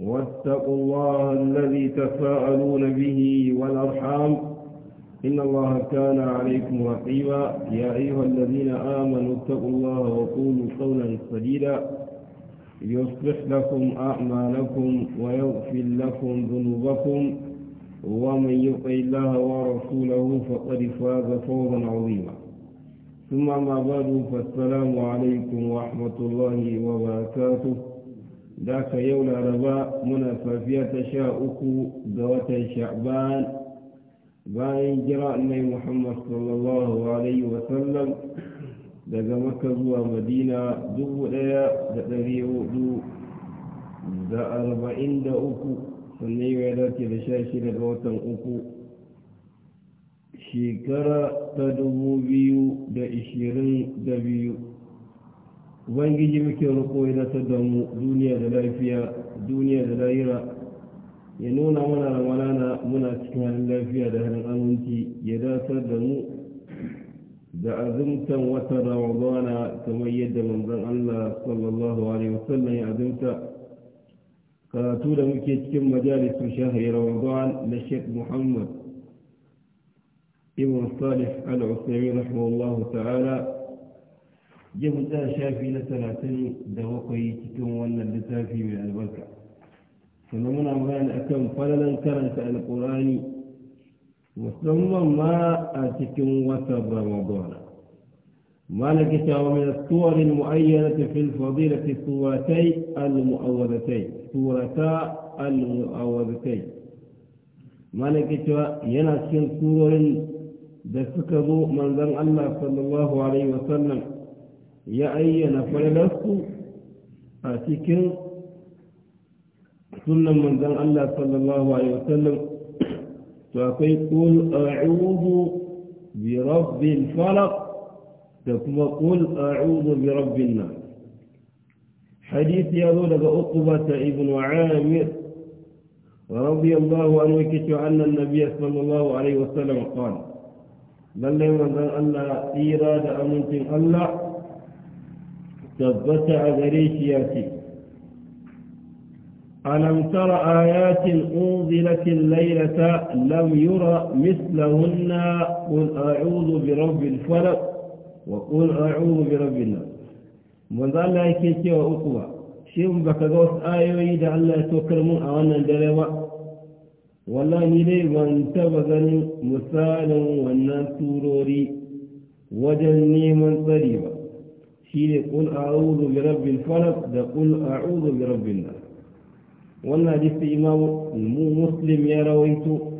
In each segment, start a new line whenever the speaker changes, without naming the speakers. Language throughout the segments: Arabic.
واتقوا الله الذي تساءلون به والأرحام إن الله كان عليكم رقيبا يا أيها الذين آمنوا اتقوا الله وقولوا قولا سديدا يصلح لكم أعمالكم ويغفر لكم ذنوبكم ومن يطع الله ورسوله فقد فاز فوزا عظيما ثم ما بعد فالسلام عليكم ورحمة الله وبركاته da aka yau laraba muna safiya ta sha uku ga watan sha'ban bayan jira annai muhammad sallallahu alaihi wasallam daga maka zuwa madina dubu daya da dari hudu da arba'in da uku sannan ya dace da sha shida ga watan uku shekara ta dubu biyu da ishirin da biyu ubangiji muke roƙo ya zata da mu duniya da lafiya duniya da lahira ya nuna mana ramalana muna cikin halin lafiya da halin aminci ya datar da mu da azumtan wata ramadana kamar yadda manzon Allah sallallahu alaihi wasallam ya azumta karatu da muke cikin majalisun shahari ramadan na Sheikh Muhammad ibn Salih al-Uthaymeen rahimahullahu ta'ala ya mun shafi na talatin da bakwai cikin wannan littafi mai albarka sannan muna bayani akan falalan karanta alkurani musamman ma a cikin watan ramadana مالك شاو من الصور المعينة في الفضيلة صورتي المؤوذتين صورتا المؤوذتين مالك شاو ينا صور دسكبو من ذن الله صلى الله عليه وسلم ya ayyana falalarsu a cikin sunan manzan Allah sallallahu Alaihi wasallam to akwai ƙul a'udhu bi rabbil falaq da kuma ƙul a'udhu bi rabbin nas hadith ya zo daga uqba ta ibn amir ورضي الله عنه كتب أن النبي صلى الله عليه وسلم قال بل من ذن الله إيراد أمنت الله ثبت عذريش ياتي ألم تر آيات أنزلت الليلة لم يرى مثلهن قل أعوذ برب الفلق وقل أعوذ برب الله من ذا الله يكيتي وأقوى شيء بك غوث آية ويدع الله تكرم أولا والله نلي وانتبغ مثالا وانا سروري وجني من صريبا shine يقول أعوذ برب الفلق ده da أعوذ برب bi rabbin nas إمام المسلم يا muslim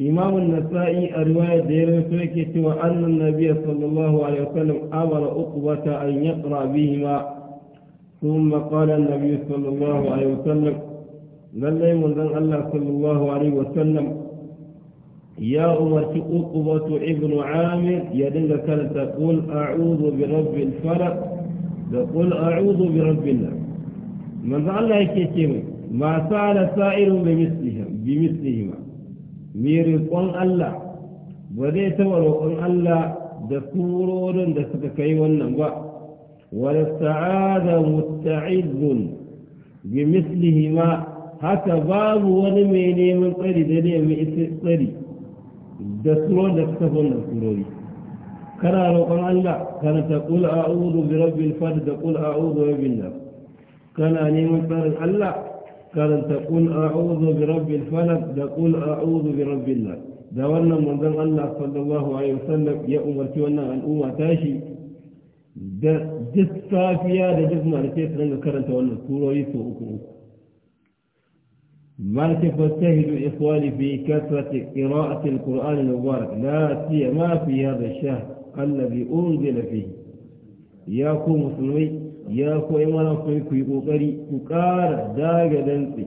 إمام النسائي الرواية دير سويك أن النبي صلى الله عليه وسلم أمر أقوة أن يقرأ بهما ثم قال النبي صلى الله عليه وسلم لن يمن الله صلى الله عليه وسلم يا أمرت أقوة ابن عامر يدنك كان تقول أعوذ برب الفرق تقول أعوذ برب الله من ظل يكتم ما سأل سائر بمثلهم بمثلهما ميري قل الله وديت ولو قل الله دكورور دسك كي ونبا ولستعاذ مستعذ بمثلهما هكذا باب ونمي من قري دنيا من da surorin da suka wannan surori kana roƙon Allah karanta qul a'udhu bi rabbil falaq da qul a'udhu bi rabbin nas kana neman tsarin Allah karanta qul a'udhu bi rabbil falaq da qul a'udhu bi rabbin nas da wannan manzon Allah sallallahu alaihi wasallam ya umarci wannan al'umma tashi da duk safiya da duk marke su dinga karanta wannan surori su uku uku بل تجتهدوا إخواني في كثرة قراءة القرآن المبارك لا سيما في هذا الشهر الذي أنزل فيه يا كو مسلمي يا كو إيمان أخوي كي أقري كقار داغ دنسي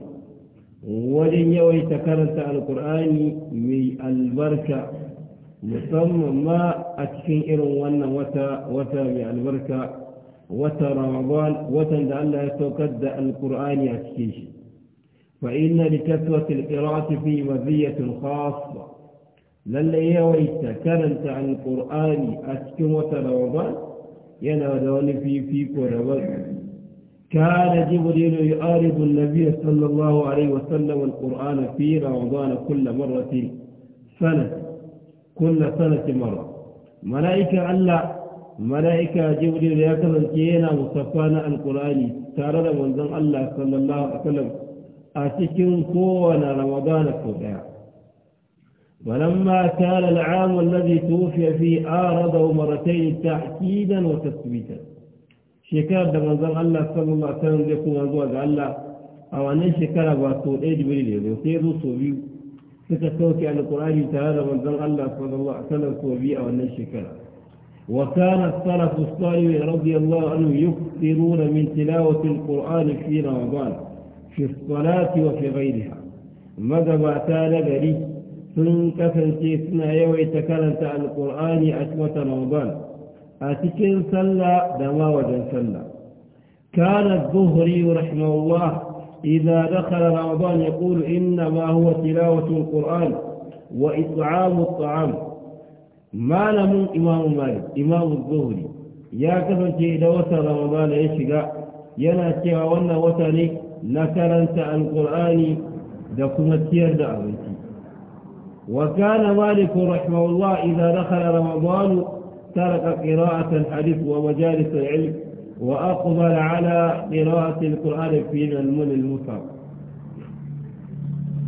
وجن يوي تكرت القرآن من البركة مسمى ما أتكين إرم وانا وتا وتا من البركة وتا رمضان وتا لألا يتوكد القرآن أتكيشي فإن لكثرة القراءة في مزية خاصة للي يويت كرنت عن القرآن أسكم وتنوضا ينادون في في كرول كان جبريل يعارض النبي صلى الله عليه وسلم القرآن في روضان كل مرة سنة كل سنة مرة ملائكة ألا ملائكة جبريل يكرن كينا مصفانا القرآن ترى من ذن الله صلى الله عليه وسلم أتكن كونا رمضان ramadana ولما كان العام الذي توفي فيه آرده مرتين تحكيدا وتثبيتا شكرا لمنزل الله صلى الله عليه وسلم يكون أزواج الله أو أن شكرا وأقول إيه جبريل يصير صوبي ستتوكي على القرآن تعالى منزل الله صلى الله عليه وسلم صوبي أو أن شكرا وكان الصلاة الصالح رضي الله عنه يكثرون من تلاوة القرآن في رمضان في الصلاة وفي غيرها ماذا بأتال بري سنكسل كيسنا يوي عن القرآن أشوة رمضان أتكين صلى دما وجن صلى كان الظهري رحمه الله إذا دخل رمضان يقول إنما هو تلاوة القرآن وإطعام الطعام ما لم إمام مالك إمام الظهري يا كفن كي وصل رمضان يشقى ينا كي أولا وصلك na karanta alƙur'ani da kuma ciyar وكان مالك رحمه الله إذا دخل رمضان ترك قراءة الحديث ومجالس العلم وأقبل على قراءة القرآن في المن المصحف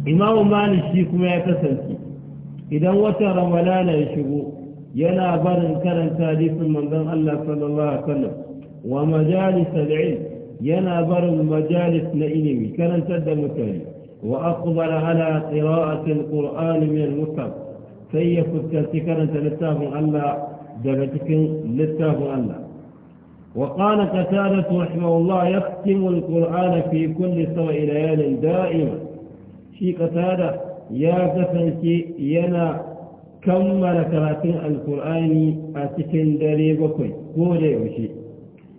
إمام مالك شيكم يتسلسي إذا وتر رمضان يشبو ينا برن كان تاليف من ذن الله صلى الله عليه وسلم ومجالس العلم ينا بر المجالس لإنمي كان تد مكاني وأقبل على قراءة القرآن من المكب فإيه فتكالتي كان تلتاه ألا دبتك لتاه ألا وقال قتالة رحمه الله يختم القرآن في كل سوء ليال دائما شي قتالة يا قتالتي ينا كمل كراتين القرآن أتكن دريبكي قولي وشي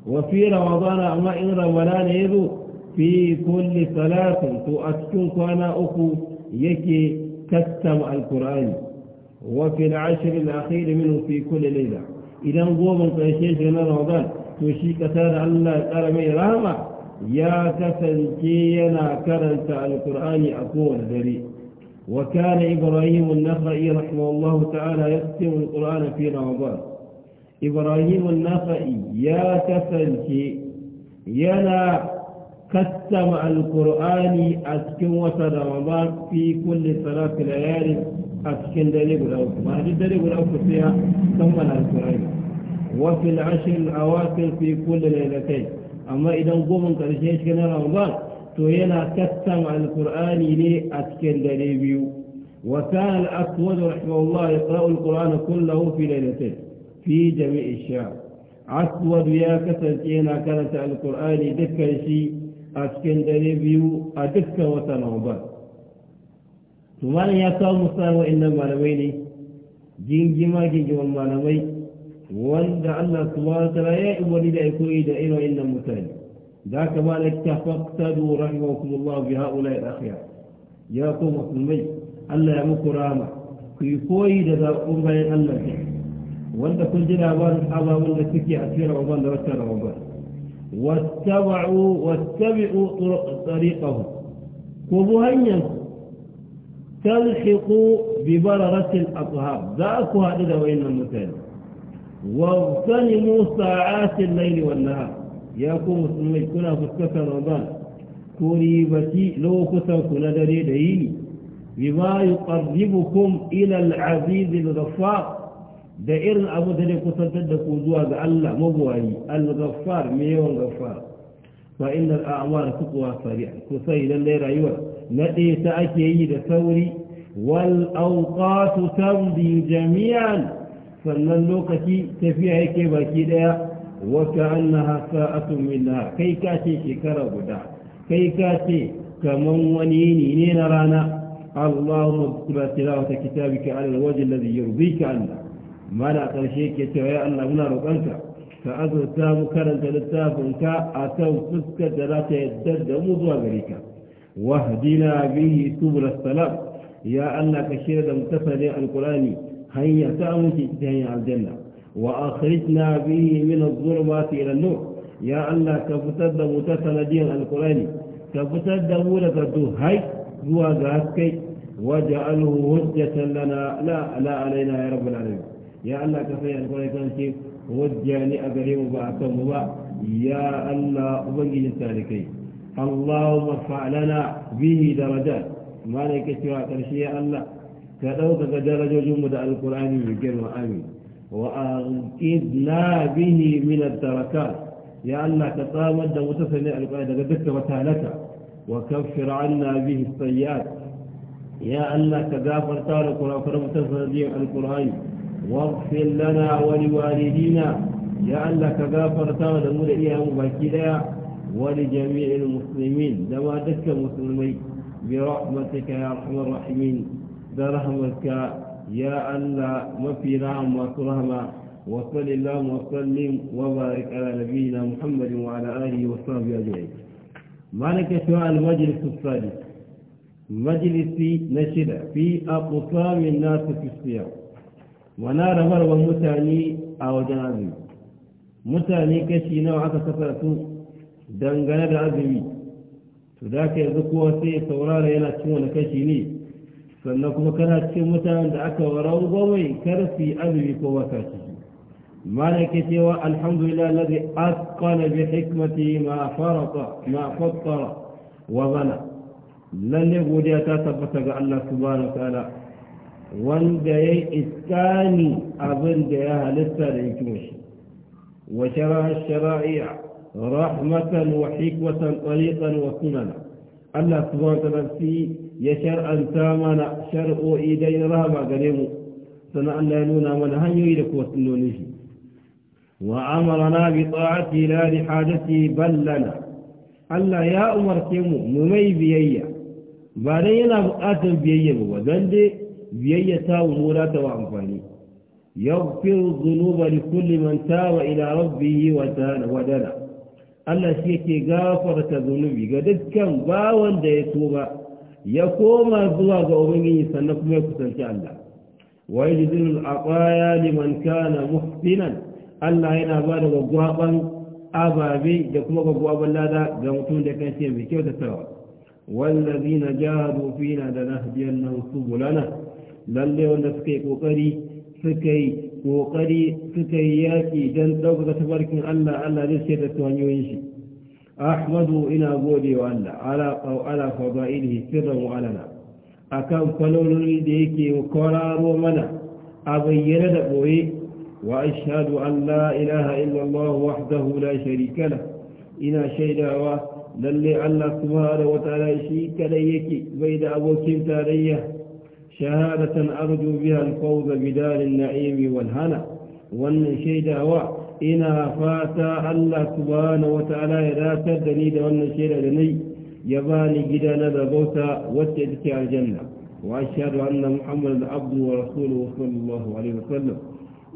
وفي رمضان أما إن رمضان يذو في كل صلاة تؤكد أنا أكو يكي كتم القرآن وفي العشر الأخير منه في كل ليلة إذا نقوم في من رمضان تشيك تار الله ترى من يا كسنكينا كرنت القرآن أقول ذري وكان إبراهيم النخعي رحمه الله تعالى يختم القرآن في رمضان إبراهيم النخعي يا يا ينا كتم القرآن أسكن وسط رمضان في كل صلاة ليالي أسكن دليل الأوف ما هذه دليل الأوف فيها ثم القرآن وفي العشر الأواخر في كل ليلتين أما إذا قوم قرشيش كان رمضان تو ينا كتم القرآن لي أسكن دليل وكان الأسود رحمه الله يقرأ القرآن كله في ليلتين fi jami'i sha aswad ya kasance yana karanta alkur'ani dukkan shi a cikin dare biyu a dukkan wata ramadan to malam ya kawo musamman wa'annan malamai ne jingima gingiman malamai wanda Allah subhanahu wa ta'ala ya wani da koyi da irin wa'annan mutane da ka malak tafaqqadu rahimakumullah bi haula'i al ya ku musulmai Allah ya muku rama ku yi koyi da zaɓin bayan Allah وانت كل جنة أبان الحظة وانت تكي رمضان عمان لبتر رمضان واتبعوا واتبعوا طرق طريقهم كبهن تلحقوا ببررة الأطهار ذاكوها إذا وإن المتال واغتنموا ساعات الليل والنهار ياكم مسلمين كنا في السكة رمضان كريبتي لو كتوكو ندري دهيني بما يقربكم إلى العزيز الغفار da irin abu da zai kusantar da ku zuwa ga Allah mabuwayi al-ghaffar mai yawan ghaffar fa inna al-a'mal tuqwa sari'a ku sai dan dai rayuwa na dai ta ake yi da sauri wal awqat tamdi jami'an sannan lokaci tafiya yake baki daya wa ka'annaha sa'atun minha kai ka ce shekara guda kai ka ce kaman wani ne ne na rana اللهم اذكر تلاوة كتابك على wajhi alladhi yurdika عنه mana ƙarshe ke cewa ya Allah muna roƙonka ka azurta mu karanta littafinka a kan fuskar da za ta yadda da mu zuwa gare ka wahdina bihi subul salam ya Allah ka shirya da mutasalin alqurani hanya ta amince ta hanyar aljanna wa akhrijna bihi min adh-dhulumati ila an-nur ya Allah ka fitar da mutasalin alqurani ka fitar da mu daga duhai zuwa ga haskai waja'alhu hujjatan lana la la alaina ya rabbul alamin يا الله كفاية القرية كانتي وجاني أقريم وبعثهم وبع يا الله أبنجي تاركي اللهم ارفع لنا به درجات ما لك سوى ترشي يا الله كتوتك درجة جمد القرآن بكر وآمين وأنقذنا به من الدركات يا الله تقامد وتسنى القرآن تقدك وتالك وكفر عنا به السيئات يا الله تقافر تارك القرآن فرمتسنى القرآن, القرآن, القرآن, القرآن واغفر لنا ولوالدينا يا الله كغفرت لنا دمو دا ولجميع المسلمين دما دك مسلمي برحمتك يا أرحم الراحمين برحمتك يا الله ما في رحم وترحم وصل اللهم وسلم وبارك على نبينا محمد وعلى آله وصحبه أجمعين مالك شواء المجلس السادس مجلسي نشد في أقسام الناس في الصيام wana rabarwar mutane a wajen azumi mutane kashi nawa aka saka su dangane da azumi to za ka yanzu kowa sai saurara yana cin wani kashi ne sannan kuma kana cikin mutanen da aka warau mai karfi azumi ko wata ciki malaka cewa alhamdulillah alladhi asqala bi hikmati ma ma fattara wa bana lalle godiya ta tabbata ga Allah subhanahu wa ta'ala wanda ya iskani abin da ya halitta da hikimashi wa shara'a shara'iya rahmatan wa hikwatan tsariƙan wa sunana Allah subhanahu wa ta'ala ya shar'anta mana shar'o'i dai rahama gare mu sannan Allah ya nuna mana hanyoyi da kuma sunnonin shi wa amarna bi tsa'ati la li hajati ballana Allah ya umarce mu mu mai biyayya ba dai yana buƙatar biyayya ba dan dai biyayya ta wuzo za ta wa amfani yaghfir dhunuba li kulli man tawa ila rabbihi wa ta'ala wa dana Allah shi yake gafarta zunubi ga dukkan bawan da ya tuba ya koma zuwa ga ubangiji sannan kuma ya kusanci Allah wa yajzilu al-aqaya liman kana muhsinan Allah yana ba da gwagwaban ababe da kuma gwagwaban lada ga mutum da kan ce mai kyautatawa wallazina jahadu fina da nahdiyannahum subulana lalle wanda suka yi kokari suka yi kokari suka yi yaƙi don ɗaukaka tafarkin Allah Allah zai ce da hanyoyin shi ahmadu ina gode wa Allah ala ala fadailihi sirran wa alana akan falolin da yake kwararo mana a bayyana da boye wa ashhadu an la ilaha Allah wahdahu la sharika la ina shaidawa lalle Allah subhanahu wa ta'ala shi kadai yake bai da abokin tarayya شهادة أرجو بها الفوز بدار النعيم والهنا وأن شيء إنا فاتا الله سبحانه وتعالى لا تدني وأن لني دني يباني جدا نذبوتا واتدتي الجنة وأشهد أن محمد عبد ورسوله صلى الله عليه وسلم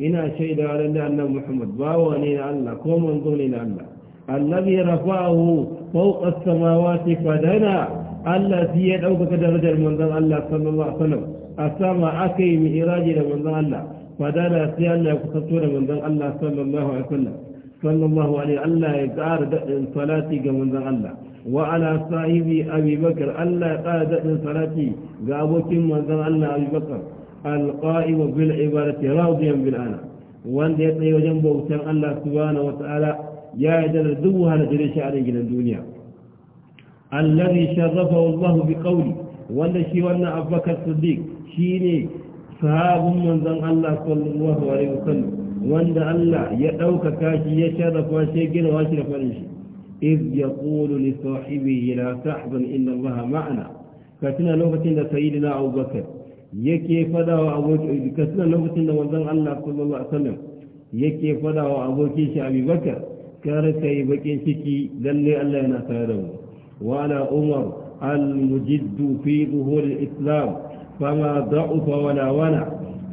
إنا شيء على أن محمد باواني الله كومن ظنين الله الذي رفعه فوق السماوات فدنا Allah shi ya ɗaukaka darajar manzon Allah sallallahu alaihi wasallam a sama aka yi mihiraji da manzon Allah fadala sai Allah ya kusanto da manzon Allah sallallahu alaihi wasallam sallallahu alaihi Allah ya ƙara daɗin salati ga manzon Allah wa ala sahibi Abi Bakar Allah ya ƙara daɗin salati ga abokin manzon Allah Abi Bakar alqa'im bil ibadati radiyan bil ana wanda ya tsaye wajen bautan Allah subhanahu wa ta'ala ya yi da duk wahala da shi a gidan duniya الذي شرفه الله بقوله والذي ولنا ابو بكر الصديق شيني صحاب من ذن الله صلى الله عليه وسلم وان الله يا كاشي يشرف شرف واشي غير اذ يقول لصاحبه لا تحزن ان الله معنا كتنا لوقتين سيدنا ابو بكر يكي فدا ابو كتنا لوقتين ده من الله صلى الله عليه وسلم yake fadawa abokin shi abubakar kare ta yi bakin ciki don ne allah yana tare ولا عمر المجد في ظهور الإسلام فما ضعف ولا ولا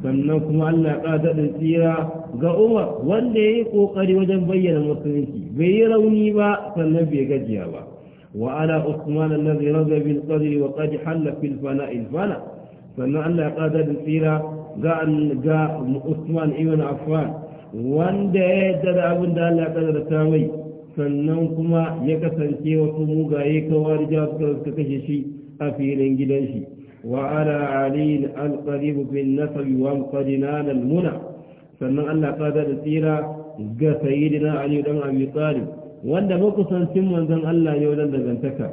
فانكم قادة السيرة تسيرا غوما يقو كوكري وجن بين المسلمين بي روني با فالنبي غجيا با وانا عثمان الذي رضى بالقدر وقد حل في الفناء الفناء فان الله قاد تسيرا غا عثمان ابن عفان وان ده ده ابو الله قدر تامي sannan kuma ya kasance wasu mugaye kawar jasuka suka suka kashe shi a filin gidan shi wa ala aliyin alƙaribu bin nasabi wa alƙarinan almuna sannan allah kada da tsira ga sayidina ali dan abi talib wanda makusancin manzon allah ne wajen dangantaka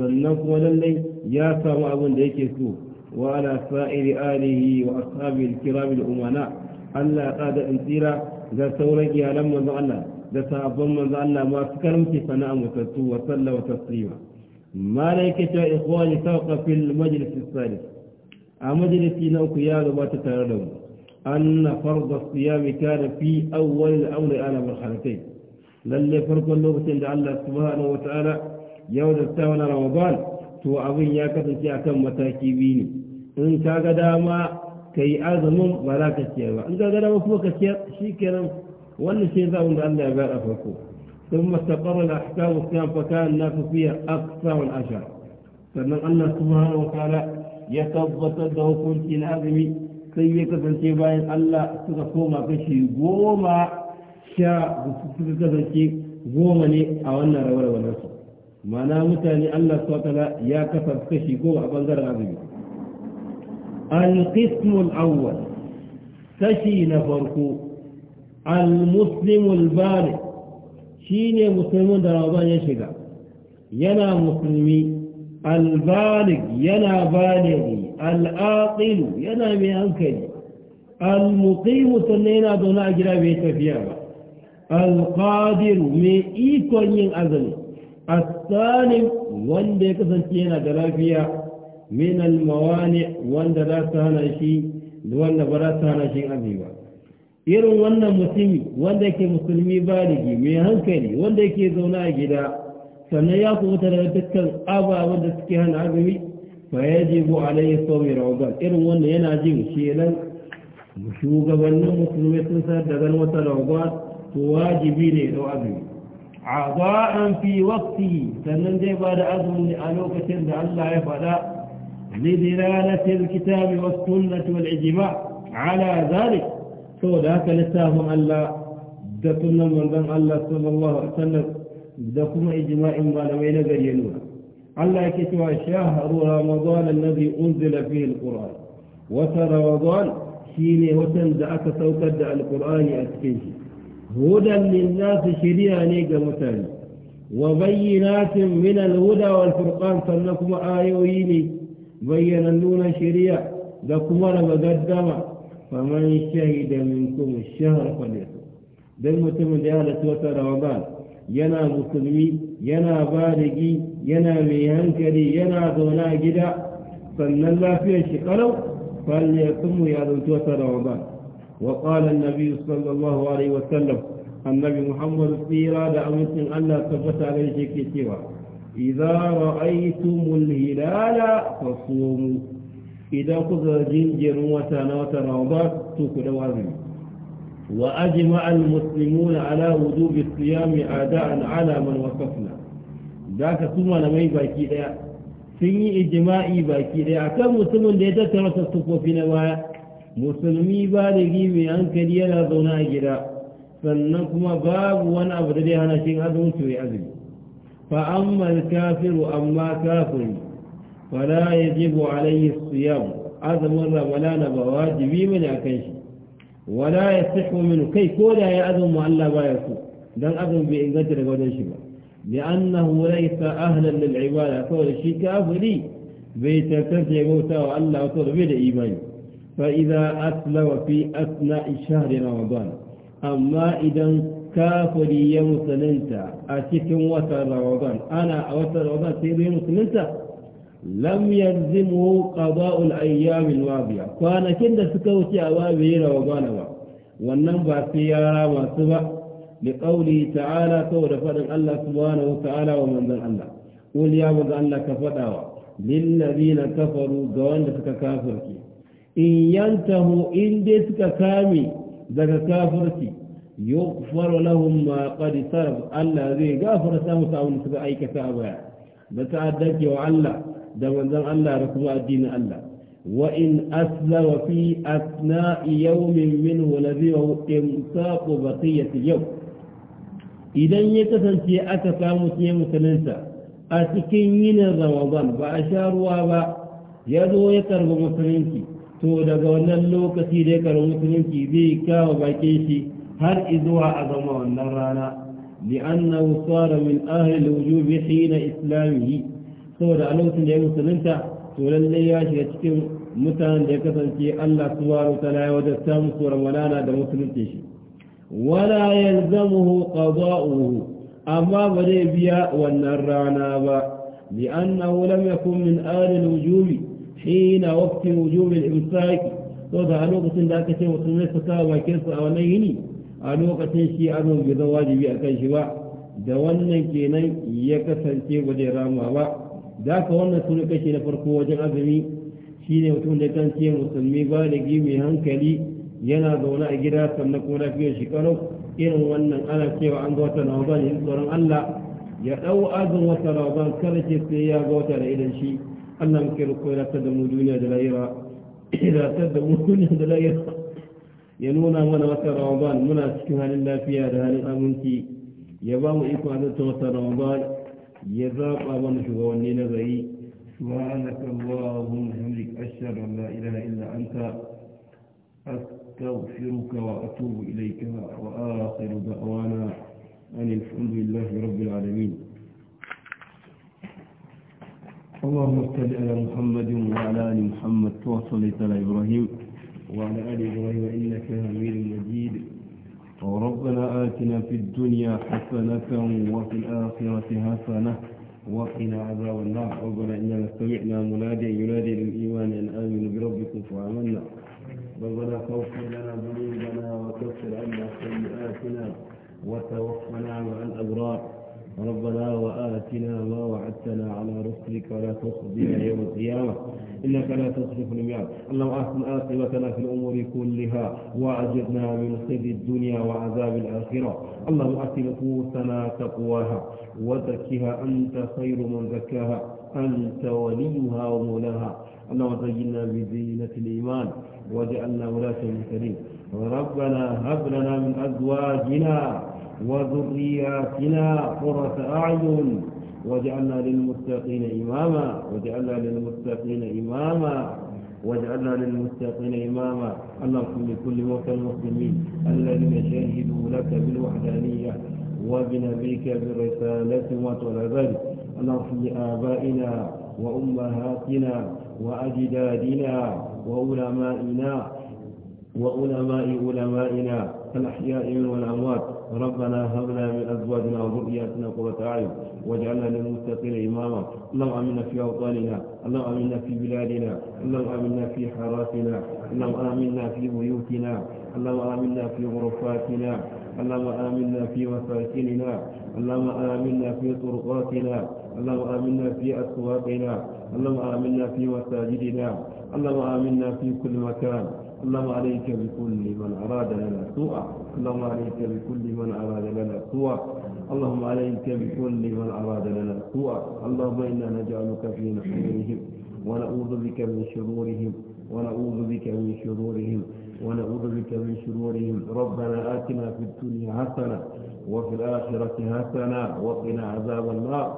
sannan kuma lallai ya samu abin da yake so wa ala sa'iri alihi wa ashabi alkiram umana allah kada da tsira ga sauran iyalan manzon allah da sahabban manzo Allah masu karamci sana'a mutattu wa salla wa taslima malaika ta ikhwani sawqa fil majlis salis a majalisi na uku ya gabata tare da mu anna fard as-siyam kana fi awwal al-amr ala kharatay lalle farkon lokacin da Allah subhanahu wa ta'ala yau da wa ramadan to abin ya kasance akan mataki biyu ne in ka ga dama kai azumin ba za ka ciyar ba in ka ga dama kuma ka ciyar shikenan والاستهزاء بأن أباء فكوه ثم استقر الأحكام الصيام فكان الناس فيها أقصى الأشر فمن أن سبحانه وتعالى يتضبط له كل لازم سيئة تنتيبا أن لا تقصوم فشي غوما شاء سيئة تنتيب غوما أولنا رولا ونسو ما نام تاني أن لا سبحانه يا كفر فشي غوما بنظر عظيم القسم الأول تشي نفركو al-muslimul bari shine musulmin da ramadan ya shiga yana musulmi al-balig yana baligi al-aqil yana mai hankali al-muqim sannan yana zaune a gida bai tafiya ba al-qadir mai ikon yin azumi as-salim wanda ya kasance yana da lafiya min al-mawani wanda za ta hana shi wanda ba za ta hana shi azumi ba irin wannan mutumi wanda yake musulmi baligi mai hankali wanda yake zaune a gida sannan ya kubuta daga dukkan ababen da suke hana azumi fa ya ji bu alayhi sawmi rawdan irin wannan yana jin shelan shugabannin musulmi sun sayar da wata rawdan to wajibi ne da azumi a'za'an fi waqti sannan zai ba da azumi a lokacin da Allah ya faɗa lidilalatil kitabi was wasu wal ijma' ala zalik تو ذاك لتاهم الا دتنا من دم ألا صلى الله عليه وسلم دكم اجماع ما لم ينزل ينور الله كتوى شهر رمضان الذي انزل فيه القران وترى رمضان شيني وتن دعك توكد القران اتكنج هدى للناس شريعة نيجا متاني وبينات من الهدى والفرقان صلى الله عليه وسلم بين النون شريعة دكم رمضان فمن شهد منكم الشهر فليصوم دل متم ديالة وتا رمضان ينا مسلمي ينا بارقي ينا ميهنكري ينا دونا جدا فمن الله في شقلو فليصوم يا دوت وتا رمضان وقال النبي صلى الله عليه وسلم النبي محمد في إرادة أمس الله ثبت عليه شيء سوى إذا رأيتم الهلال فصوموا idan kuka jinjirin wata na wata ramadan to ku da wazini wa ajma al muslimuna ala wujubi siyami ada'an ala man wasafna zaka su malamai baki daya sun yi ijma'i baki daya akan mutumin da ya tattara sassufofi na baya musulmi ba da mai hankali yana zaune a gida sannan kuma babu wani abu da zai hana shi azumin to ya azumi fa amma kafiru amma kafiri ولا يجب عليه الصيام أذن مرة ولا نبواجبي من أكيش ولا يصح منه كي كولا يا أذن وألا ما يصح دان أذن قدر لقودن شبا لأنه ليس أهلا للعبادة قول الشيء كافري بيتكتب يموتا وألا وطول بلا إيمان فإذا أسلم في أثناء شهر رمضان أما إذا كافري يمسلنت أتكم وطر رمضان أنا أوطن رمضان سيدي مسلنت لم يلزمه قضاء الأيام الواضية فأنا كنت سكوت يا وابير وغانوا والنم سيارة وسبع لقوله تعالى كور فرق الله سبحانه وتعالى ومن ذا الله قل يا مدى الله كفتاوى للذين كفروا دون دفك كافرك إن ينتهوا إن دفك كامي دفك كافرك يغفر لهم ما قد سرق الذي غافر سامسا ونسبع أي كتابا بتعدك وعلا da manzon Allah da kuma addinin Allah wa in aslama fi asna'i yawmin minhu ladhi wa imsaqu baqiyati yawm idan ya kasance aka samu sai musulunta a cikin yinin Ramadan ba a sha ruwa ba ya zo ya karbi musulunci to daga wannan lokaci da ya karbi musulunci zai kawo bakin shi har izuwa a zama wannan rana li'annahu sara min ahli al-wujub hina islamihi saboda a lokacin da ya musulunta to lallai ya shiga cikin mutanen da ya kasance Allah subhanahu wa ta'ala ya wada samu suran walana da musulunci shi wala yalzamuhu qada'uhu amma ba zai biya wannan rana ba annahu lam yakun min ahli al-wujubi hina waqti wujubi al-imsak to da lokacin da aka ce musulmai su kawo bakin su a wannan yini a lokacin shi azumi bai zama wajibi akan shi ba da wannan kenan ya kasance gudera ma ba ذاك هو الناس هناك شيء لفرقه وجمع بمي شين وتون دكان سيا مسلمي بالجي مهان كلي ينا دونا إجرا سمنا كورا فيه شكرو إن وانا أنا كي وعند وطن أوضان ينصر الله يأو أدن وطن أوضان كالتي سيا غوتا إلى شيء الله مكرو كورا تدمو دنيا دلائرا إذا تدمو دنيا دلائرا ينونا وانا وطن أوضان مناسكها لله فيها دهان الأمنتي يبامو إكوا أدن وطن أوضان يذاق zaɓa mana shugabanni سبحانك اللهم وبحمدك أشهد أن لا إله إلا أنت أستغفرك وأتوب إليك وآخر دعوانا أن الحمد لله رب العالمين اللهم صل على محمد وعلى آل محمد وصليت على إبراهيم وعلى آل إبراهيم إنك حميد مجيد ربنا آتنا في الدنيا حسنة وفي الآخرة حسنة وقنا عذاب النار ربنا إننا سمعنا مناديا ينادي للإيمان أن آمنوا بربكم فآمنا ربنا فاغفر لنا ذنوبنا وكفر عنا سيئاتنا وتوفنا مع الأبرار ربنا وآتنا ما وعدتنا على رسلك ولا تخزنا يوم القيامة إنك لا تخلف الميعاد اللهم أحسن عاقبتنا في الأمور كلها وأجرنا من خزي الدنيا وعذاب الآخرة اللهم أت نفوسنا تقواها وزكها أنت خير من زكاها أنت وليها ومولاها اللهم زينا بزينة الإيمان واجعلنا ولاة المهتدين ربنا هب لنا من أزواجنا وذرياتنا قرة أعين واجعلنا للمتقين إماما واجعلنا للمتقين إماما واجعلنا للمتقين إماما اللهم لكل موتى المسلمين الذين شهدوا لك بالوحدانية وبنبيك برسالة وطول اللهم لآبائنا وأمهاتنا وأجدادنا وعلمائنا وعلماء علمائنا الأحياء والأموات ربنا هب لنا من أزواجنا وذرياتنا قرة أعين واجعلنا للمتقين إماما اللهم آمنا في أوطاننا اللهم آمنا في بلادنا اللهم آمنا في حاراتنا اللهم آمنا في بيوتنا اللهم آمنا في غرفاتنا اللهم آمنا في مساكننا اللهم آمنا في طرقاتنا اللهم آمنا في أسواقنا اللهم آمنا في مساجدنا اللهم آمنا في كل مكان اللهم عليك بكل من أراد لنا سوءا اللهم عليك بكل من أراد لنا سوءا اللهم عليك بكل من أراد لنا سوءا اللهم إنا نجعلك في نحورهم ونعوذ بك من شرورهم ونعوذ بك من شرورهم ونعوذ بك من شرورهم ربنا آتنا في الدنيا حسنة وفي الآخرة حسنة وقنا عذاب النار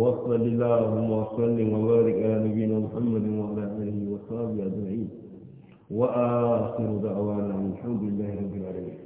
وصل اللهم وسلم وبارك على نبينا محمد وعلى آله وصحبه أجمعين وآخر دعوانا الحمد لله رب العالمين